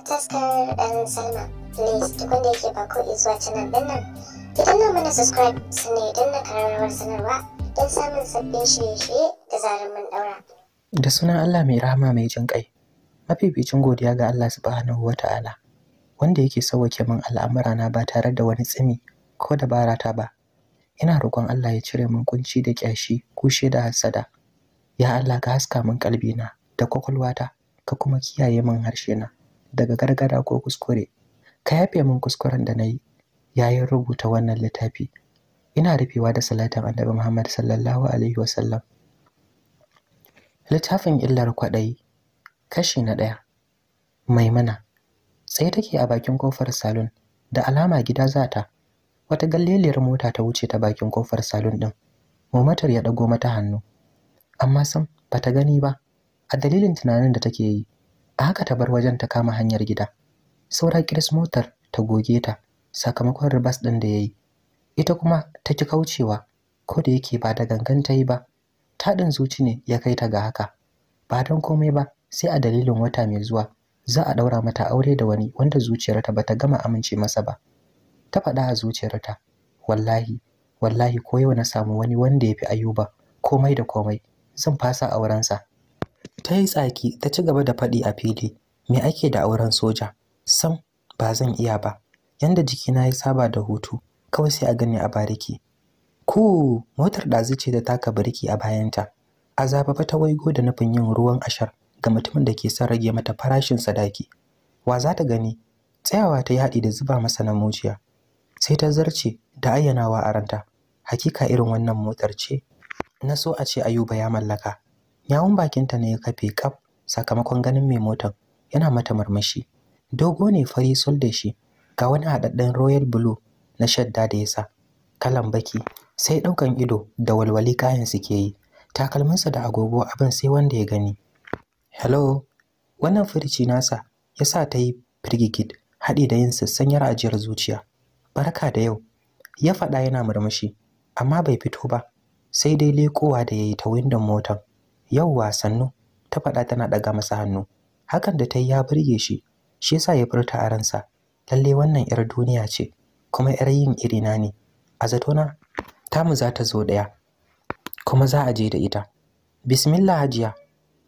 da please wanda yake ba subscribe kararrawar sanarwa samun sabbin da sunan allah mai rahama mai jin ƙai mafificin godiya ga allah subhanahu wa ta'ala wanda yake sauwake min al'amura na ba tare da wani tsimi ko da barata ba ina roƙon allah ya cire min kunci da ƙyashi kushe da hassada ya allah ka haska min kalbina da kwakwalwata ka kuma kiyaye min harshena daga gargada ko kuskure ka yafe min kuskuren da na yi yayin rubuta wannan littafi ina rufewa da salatin annabi Muhammad sallallahu alaihi wasallam littafin illar kwaɗayi kashi na ɗaya maimuna tsaye take a bakin kofar salon da alama gida zata wata galleliyar mota ta wuce ta bakin kofar salon ɗin mamatar ya ɗago mata hannu amma sam bata gani ba a dalilin tunanin da take yi a haka ta bar wajen ta kama hanyar gida saura kiris motar ta goge ta sakamakon ribas ɗin da ya yi ita kuma ta ki kaucewa ko da yake ba da gangan ta yi ba taɗin zuci ne ya kai ta ga haka ba don komai ba sai a dalilin wata mai zuwa za a ɗaura mata aure da wani wanda zuciyarta ba ta gama amince masa ba ta faɗa a zuciyarta wallahi wallahi ko yau na samu wani wanda ya fi ayuba komai da komai zan fasa aurensa ta yi tsaki ta ci gaba da faɗi a fili me ake da auren soja sam ba zan iya ba yanda jikina ya saba da hutu kawai sai a gani a bariki ku motar ɗazu ce da taka birki a bayanta a zababa ta waigo da nufin yin ruwan ashar ga mutumin da ke son rage mata farashin sadaki wa za ta gani tsayawa ta yi haɗi da zuba masa na mujiya. sai ta zarce da ayyanawa a ranta hakika irin wannan motar ce na so a ce ayuba ya mallaka yawun bakinta ne ya kafe kaf sakamakon ganin mai motar yana mata marmashi dogo ne fari sul da shi ga wani haɗaɗɗen royal blue na shadda da yasa, sa kalan baki sai ɗaukan ido da walwali kayan suke yi takalminsa da agogo abin sai wanda ya gani hello wannan firici nasa ya sa ta yi firgigit haɗi da yin sassanyar ajiyar zuciya barka da yau ya faɗa yana murmushi amma bai fito ba sai dai lekowa da ya yi ta windon motar Yau, sannu ta faɗa tana ɗaga masa hannu hakan da ta yi ya burge shi shi yasa ya furta a ransa lalle wannan yar duniya ce kuma yar yin irina ne a zatona tamu za ta zo ɗaya kuma za a je da ita bismillah hajiya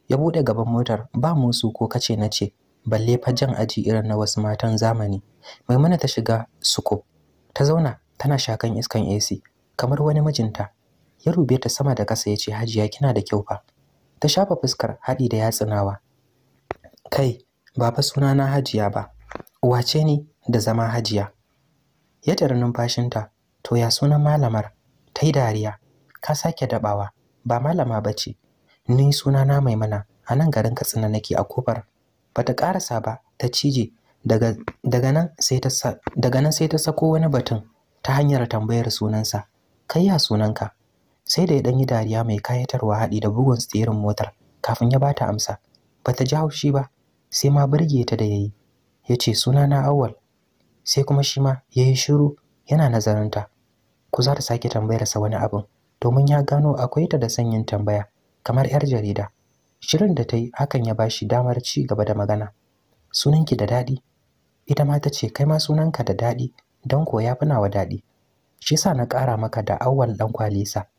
ya buɗe gaban motar ba musu ko kace na ce balle fa jan aji irin na wasu matan zamani maimuna ta shiga suko ta zauna tana shakan iskan AC kamar wani mijinta ya rube ta sama da kasa ya ce hajiya kina da kyau fa ta shafa fuskar haɗi da yatsunawa kai ba fa suna na hajiya ba wace ne da zama hajiya ya tara numfashinta to ya sunan malamar ta yi dariya ka sake dabawa ba malama ba ce ni sunana maimuna a nan garin katsina nake a kofar bata karasa ba ta cije daga nan sai ta sako wani batun ta hanyar tambayar sunansa kai ya sunanka sai da ya ɗanyi dariya mai kayatarwa haɗi da bugun tsirin motar kafin ya bata amsa bata ji haushi ba sai ma birge ta da yayi ya ce suna na awal sai kuma shi ma ya yi shiru yana nazarinta ku za ta sake tambayarsa wani abin domin ya gano akwai ta da sanyin tambaya kamar 'yar jarida shirin da ta yi hakan ya bashi damar ci gaba da magana sunanki da daɗi ita ma ta ce kai ma sunanka da daɗi don ko ya fi nawa daɗi shi sa na ƙara maka da awal ɗan kwalisa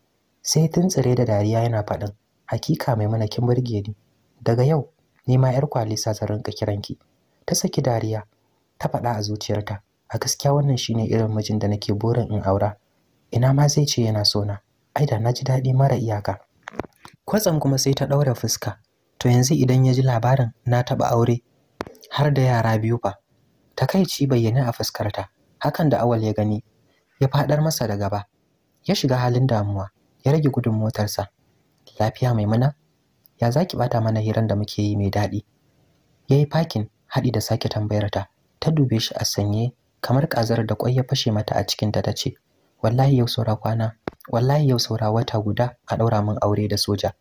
sai tsire da dariya yana faɗin hakika mai mana kin burge ni daga yau ni ma yar kwalisa zan rinka kiranki ta saki dariya ta faɗa a zuciyarta a gaskiya wannan shine irin mijin da nake burin in aura ina ma zai ce yana sona ai da naji daɗi mara iyaka kwatsam kuma sai ta ɗaura fuska to yanzu idan ya ji labarin na taɓa aure har da yara biyu fa takaici bayyane a fuskarta hakan da awal ya gani ya faɗar masa da gaba ya shiga halin damuwa ya rage gudun motarsa lafiya maimuna ya zaki bata mana hiran da muke yi mai daɗi Ya yi fakin haɗi da sake tambayar ta ta dube shi a sanye kamar ƙazar da ƙwai ya fashe mata a cikin ta ce. wallahi yau saura kwana wallahi yau saura wata guda a daura min aure da soja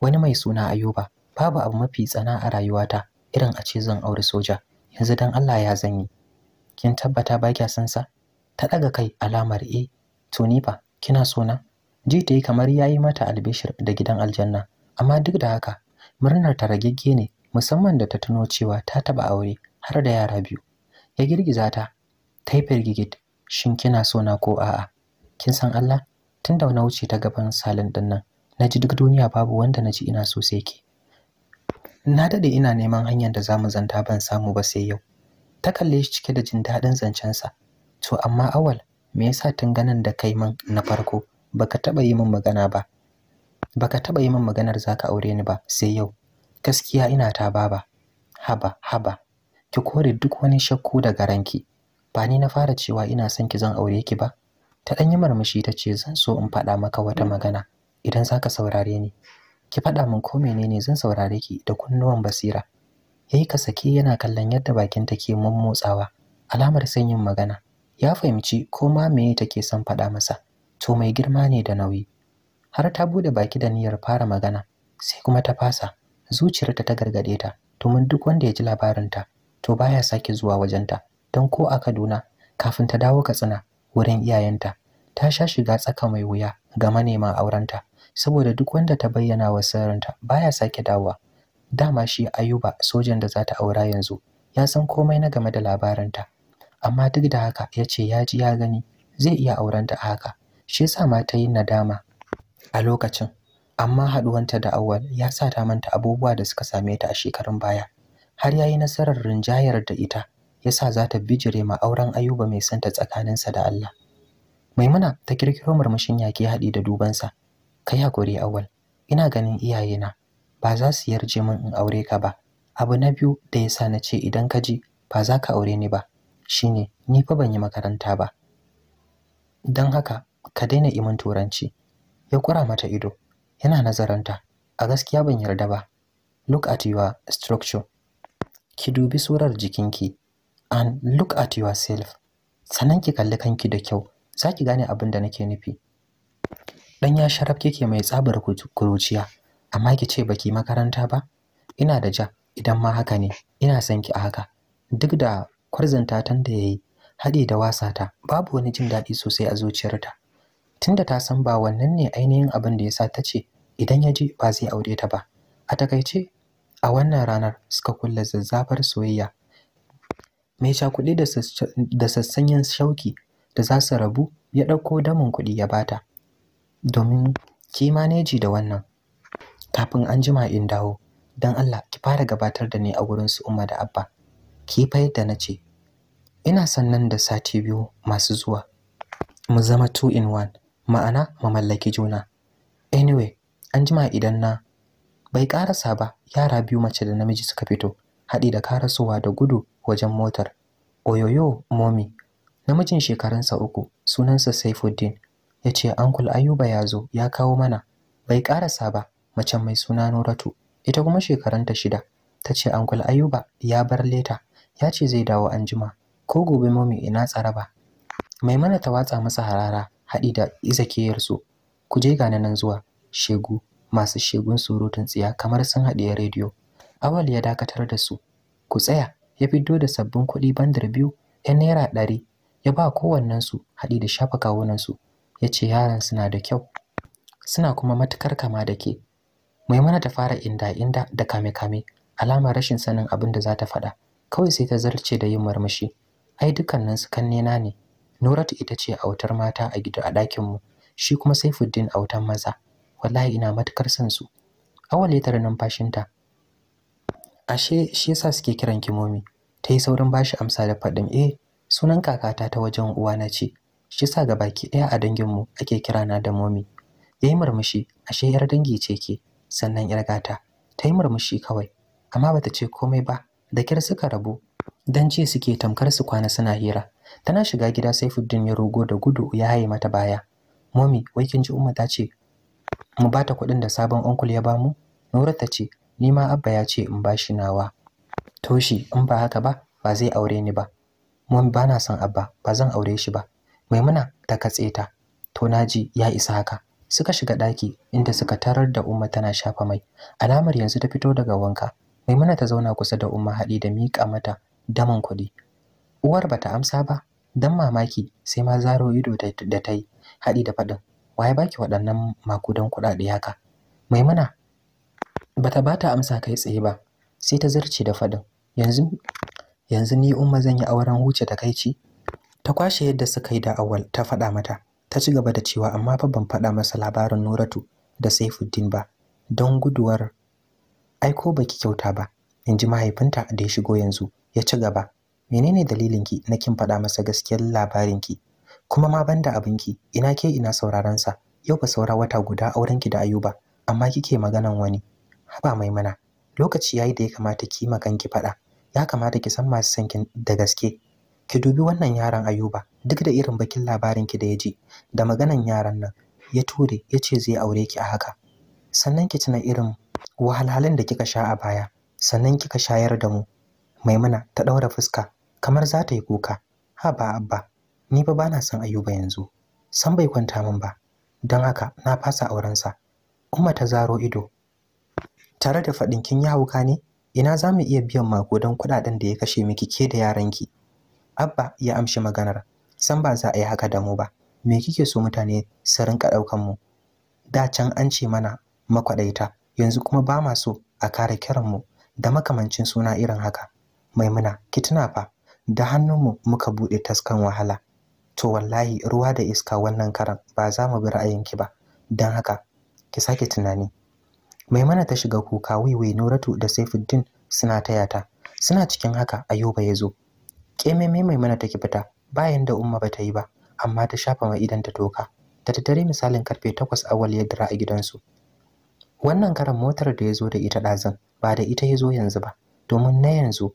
wani mai suna Ayuba babu abu mafi tsana a rayuwata irin a ce zan aure soja yanzu dan Allah ya zanyi kin tabbata ba kya san sa ta ɗaga kai alamar e to ni kina sona? ji ta yi kamar ya yi mata albishir da gidan aljanna amma duk da haka murnar ta ragegge ne musamman da ta tuno cewa ta taba aure har da yara biyu ya girgiza ta ta yi firgigit shin kina so na ko a'a kin san Allah tun da na wuce ta gaban salin din nan na ji duk duniya babu wanda na ji ina so sai ke na dade ina neman hanyar da za mu zanta ban samu ba sai yau ta kalle shi cike da jin daɗin zancensa to amma awal me yasa tun ganin da kai man na farko baka taba yi min magana ba baka taba yi min maganar zaka aure ni ba sai yau gaskiya ina ta baba haba haba ki kore duk wani shakku daga ranki ba ni na fara cewa ina son ki zan aure ki ba ta dan yi murmushi ta ce zan so in faɗa maka wata magana idan zaka saurare ni ki faɗa min ko menene zan saurare ki da kunnuwan basira yayi ka sake yana kallon yadda bakin ta ke mummotsawa alamar son yin magana ya fahimci ko ma meye take son faɗa masa to mai girma ne da nauyi har ta bude baki da niyyar fara magana sai kuma ta fasa zuciyarta ta gargade ta domin duk wanda ya ji labarinta to baya sake zuwa wajenta don ko a Kaduna kafin ta dawo Katsina wurin iyayenta ta sha shiga tsaka mai wuya ga manema aurenta saboda duk wanda ta bayyana wa sirrinta baya sake dawowa dama shi Ayuba sojan da za ta aura yanzu ya san komai na game da labarinta amma duk da haka ya ce ya ji ya gani zai iya aurenta a haka shi yasa ma ta yi nadama a lokacin amma haɗuwanta da Auwal ya sa ta manta abubuwa da suka same ta a shekarun baya har yayi nasarar rinjayar da ita yasa za ta bijire ma auren Ayuba mai santa tsakaninsa da Allah Maimuna ta kirkiro murmushin yaki haɗi da dubansa kai hakuri Auwal ina ganin iyayena ba za su yarje min in aure ka ba abu na biyu da yasa na ce idan ka ji ba za ka aure ni ba shine ni fa ban yi makaranta ba don haka ka daina imin turanci ya kura mata ido yana nazaranta a gaskiya ban yarda ba look at your structure ki dubi surar jikinki and look at yourself sannan ki kalli kanki da kyau za ki gane abin da nake nufi dan ya sharaf kike mai tsabar kuruciya amma ki ce baki makaranta ba ina da ja idan ma haka ne ina son ki a haka duk da kwarzanta tan da yayi haɗe da wasa ta, babu wani jin daɗi sosai a zuciyarta tunda ta san ba wannan ne ainihin abin da yasa ta ce idan ya je ba zai aure ta ba a takaice a wannan ranar suka kulla zazzafar soyayya mai cakuɗi da sassanyen shauki da za su rabu ya ɗauko damin kuɗi ya bata domin kima neji da wannan kafin an jima in dawo don Allah ki fara gabatar da ni a wurin su umma da abba ki fa yadda na ce ina sannan da sati biyu masu zuwa mu zama two in one ma'ana mu mallaki juna anyway an jima idan na bai karasa ba yara biyu mace da namiji suka fito haɗi da karasowa da gudu wajen motar oyoyo momi namijin shekarunsa uku sunansa saifuddin ya ce ankul ayuba ya zo ya kawo mana bai karasa ba mace mai suna noratu ita kuma shekarunta shida ta ce ankul ayuba ya bar leta ya ce zai dawo an jima. ko gobe momi ina tsaraba maimuna ta watsa masa harara haɗi da izakiyarsu ku je gane nan zuwa shegu masu shegun surutun tsiya kamar sun haɗiye rediyo awal ya dakatar da su ku tsaya ya fito da sabbin kuɗi bandar biyu 'yan naira ɗari ya ba kowannen su. haɗi da shafa kawunan su. ya ce yaran suna da kyau suna kuma matukar kama da ke mai mana ta fara inda-inda da kame-kame alamar rashin sanin abin da za ta faɗa kawai sai ta zarce da yin murmushi ai dukkaninsu kannena ne Nuratu ita ce autar mata a gida a ɗakin mu, shi kuma Saifuddin autan maza. Wallahi ina matukar son su. Awal ya numfashinta. Ashe shi yasa suke kiran ki momi. Ta yi saurin bashi amsa da faɗin eh sunan kakata ta wajen uwa na ce. Shi yasa ga baki ɗaya a danginmu ake kira na da momi. Ya yi murmushi ashe yar dangi ce ke sannan yar gata. Ta yi murmushi kawai amma bata ce komai ba da kyar suka rabu dan ce suke tamkar su kwana suna hira tana shiga gida sai Saifuddin ya rogo da gudu ya haye mata baya momi wai kin ji umma ta ce mu ba ta kuɗin da sabon uncle ya bamu Nura ta ce ni ma abba ya ce in bashi nawa toshi in ba haka ba ba zai aure ni ba Mami, ba na son abba ba zan aure shi ba maimuna ta katse ta to naji ya isa haka suka shiga daki inda suka tarar da umma tana shafa mai alamar yanzu ta fito daga wanka maimuna ta zauna kusa da umma haɗi da miƙa mata daman kuɗi uwar bata amsa ba dan mamaki sai ma zaro ido da ta yi haɗi da faɗin waye baki waɗannan makudan kuɗaɗe haka maimuna bata bata amsa kai tsaye ba sai ta zarce da faɗin yanzu yanzu ni umma zan yi auren huce kaici. ta kwashe yadda suka yi da awal ta faɗa mata ta ci gaba da cewa amma fa ban faɗa masa labarin Nuratu da Saifuddin ba don guduwar aiko baki kyauta ba in ji mahaifinta da ya shigo yanzu ya ci gaba menene dalilinki na kin faɗa masa gaskiyar labarinki kuma ma banda abinki ina ke ina sauraron sa yau ba saura wata guda aurenki da Ayuba amma kike maganan wani haba mai mana lokaci yayi da ya kamata ki makanki faɗa ya kamata ki san masu son kin da gaske ki dubi wannan yaron Ayuba duk da irin bakin labarinki da ya ji da maganan yaran nan ya ture ya ce zai aure ki a haka sannan ki tuna irin wahalhalun da kika sha a baya sannan kika shayar da mu maimuna ta ɗaura fuska kamar za ta yi kuka ha ba abba ni ba bana son ayuba yanzu san bai kwanta min ba don haka na fasa aurensa umma ta zaro ido tare da faɗin kin ya hauka ne ina za mu iya biyan mako don kuɗaɗen da ya kashe miki ke da yaranki abba ya amshi maganar san ba za a yi haka da mu ba me kike so mutane su rinka ɗaukan mu da can an ce mana makwaɗaita yanzu kuma ba ma so a kare mu. da makamancin suna irin haka maimuna ki fa da hannunmu muka buɗe taskan wahala to wallahi ruwa da iska wannan karan ba za mu bi ra'ayinki ba don haka ki sake tunani maimuna ta shiga kuka wiwi nuratu da saifuddin suna taya ta suna cikin haka ayuba ya zo kememe maimuna take fita bayan da umma ba ta yi ba amma ta shafa mai idan ta toka ta tattare misalin karfe takwas awal ya dira a gidansu wannan karan motar da ya zo da ita ɗazan ba da ita ya zo yanzu ba domin na yanzu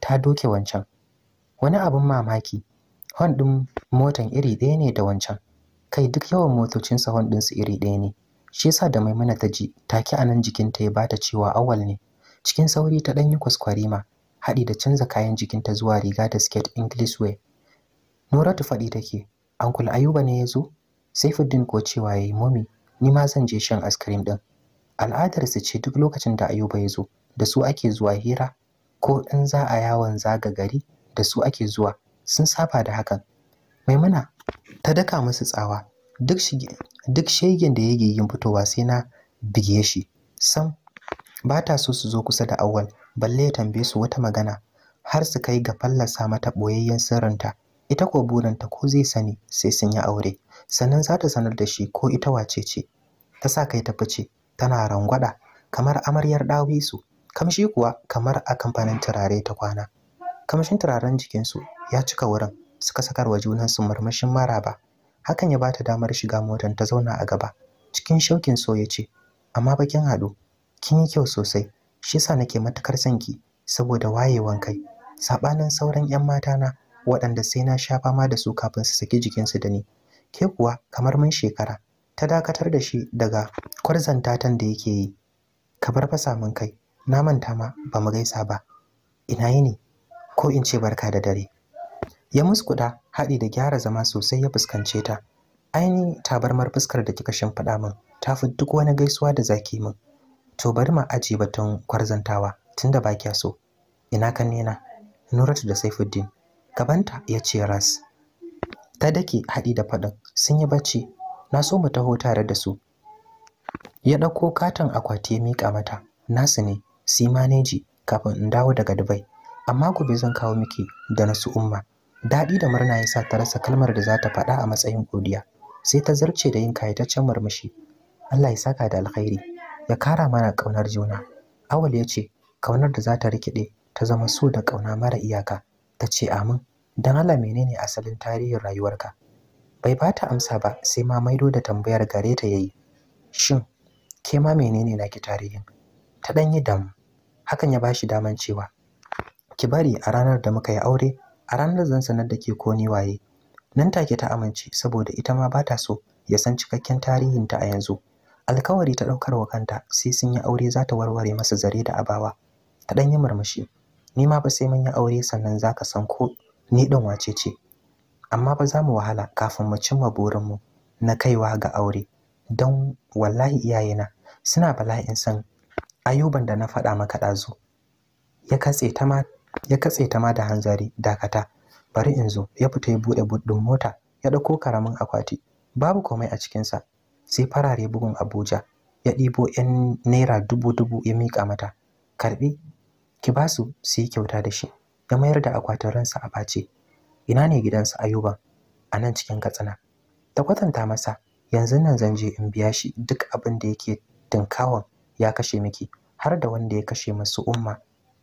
ta doke wancan wani abin mamaki hon ɗin motan iri ɗaya ne da wancan kai duk yawan motocinsa hon ɗinsu iri ɗaya ne shi yasa da maimuna ta ji take anan jikinta ya bata cewa awal ne cikin sauri ta ɗanyi kwaskwarima haɗi da canza kayan jikinta zuwa riga da siket english wear noratu faɗi take ankul ayuba ne ya zo saifuddin ko cewa ya yi momi ni ma zan je shan askirim ɗin su ce duk lokacin da ayuba ya zo da su ake zuwa hira ko in za a yawon zaga gari da su ake zuwa sun saba da hakan maimuna ta daka musu tsawa duk shegen da yake yin fitowa sai na bige shi sam ba ta so su zo kusa da awal balle ya tambaye su wata magana har su kai ga fallasa mata boyayyen sirrinta ita ko burinta ko zai sani sai sun yi aure sannan za ta sanar da shi ko ita wace ce ta sa kai ta fice tana rangwada kamar amaryar dawisu kamshi kuwa kamar a kamfanin turare ta kwana kamshin turaren jikinsu ya cika wurin suka sakar wa sakarwa junansu murmushin maraba hakan ya bata damar shiga motar ta zauna a gaba cikin shaukin so ya ce amma bakin haɗu kin yi kyau sosai shi yasa nake matukar son ki saboda wayewan kai sabanin sauran yan mata na waɗanda sai na sha fama da su kafin su saki jikinsu da ni ke kuwa kamar mun shekara ta dakatar da shi daga kwarzantatan da yake yi ka bar fasa min kai na manta ma ba mu gaisa ba ina yini ko in ce barka da dare ya muskuda haɗi da gyara zama sosai ya fuskance ta aini tabarmar fuskar da kika shimfiɗa min ta fi duk wani gaisuwa da zaki min to bari ma aji batun kwarzantawa tunda ba kya so ina kan nena nuratu da saifuddin gabanta ya ce ras ta dake haɗi da faɗin sun yi bacci na so mu taho tare da su ya ɗauko katon akwati ya miƙa mata nasu ne si maneji kafin in dawo daga dubai amma gobe zan kawo miki da nasu umma daɗi da murna ya sa ta rasa kalmar da za ta faɗa a matsayin godiya sai ta zarce da yin kayataccen murmushi Allah ya saka da alkhairi ya kara mana ƙaunar juna awal ya ce ƙaunar da za ta rikide ta zama so da ƙauna mara iyaka ta ce amin dan Allah menene asalin tarihin rayuwarka bai ba ta amsa ba sai ma maido da tambayar gare ta yayi shin ke ma menene naki tarihin ta ɗan dam hakan ya bashi daman cewa ki bari a ranar da muka yi aure a ranar zan sanar da ke ko ni waye nan take ta amince saboda ita ma ba ta so ya san cikakken tarihinta a yanzu alkawari ta ɗaukar wa kanta sai sun yi aure za ta warware masa zare da abawa ta ɗan yi murmushi ni ma ba sai mun yi aure sannan za ka san ko ni ɗin wace ce amma ba za mu wahala kafin mu cimma mu na kaiwa ga aure don wallahi iyayena suna bala'in san ayuban da na faɗa maka ɗazu ya katse ta ma ya katse ta ma da hanzari dakata bari in zo ya fita ya bude buddun mota ya dauko karamin akwati babu komai a cikin sa sai farare bugun abuja ya ɗibo 'yan naira dubu dubu ya mika mata karɓi ki ba su yi kyauta da shi ya mayar da akwatin ransa a face ina ne gidansa ayuba a nan cikin katsina ta kwatanta masa yanzu nan zan je in biya shi duk abin da yake tinkawan ya kashe miki har da wanda ya kashe masu umma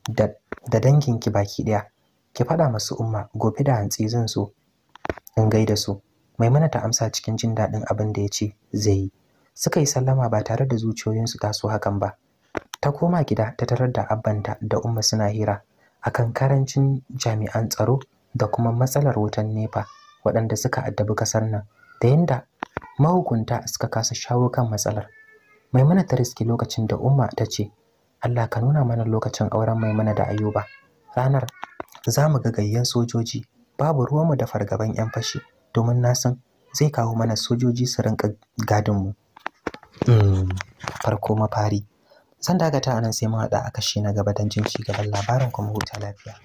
da danginki baki ɗaya ki faɗa masu umma gobe da hantsi zan so in gaida su maimuna ta amsa cikin jin daɗin abin da ya ce zai yi suka yi sallama ba tare da zuciyoyinsu taso hakan ba ta koma gida ta tarar da abbanta da umma suna hira akan karancin jami'an tsaro da kuma matsalar wutan nepa waɗanda suka addabi kasar nan da yadda mahukunta suka kasa shawo kan matsalar maimuna ta riski lokacin da umma ta ce Allah ka nuna mana lokacin auren Maimuna da Ayuba ranar za mu ga gayyan sojoji babu ruwanmu da fargaban 'yan fashi domin na san zai kawo mana sojoji su rinka gadinmu mm. farko mafari zan dagata anan sai mu haɗa a kashi na gaba don jin ci gaban labarin kuma huta lafiya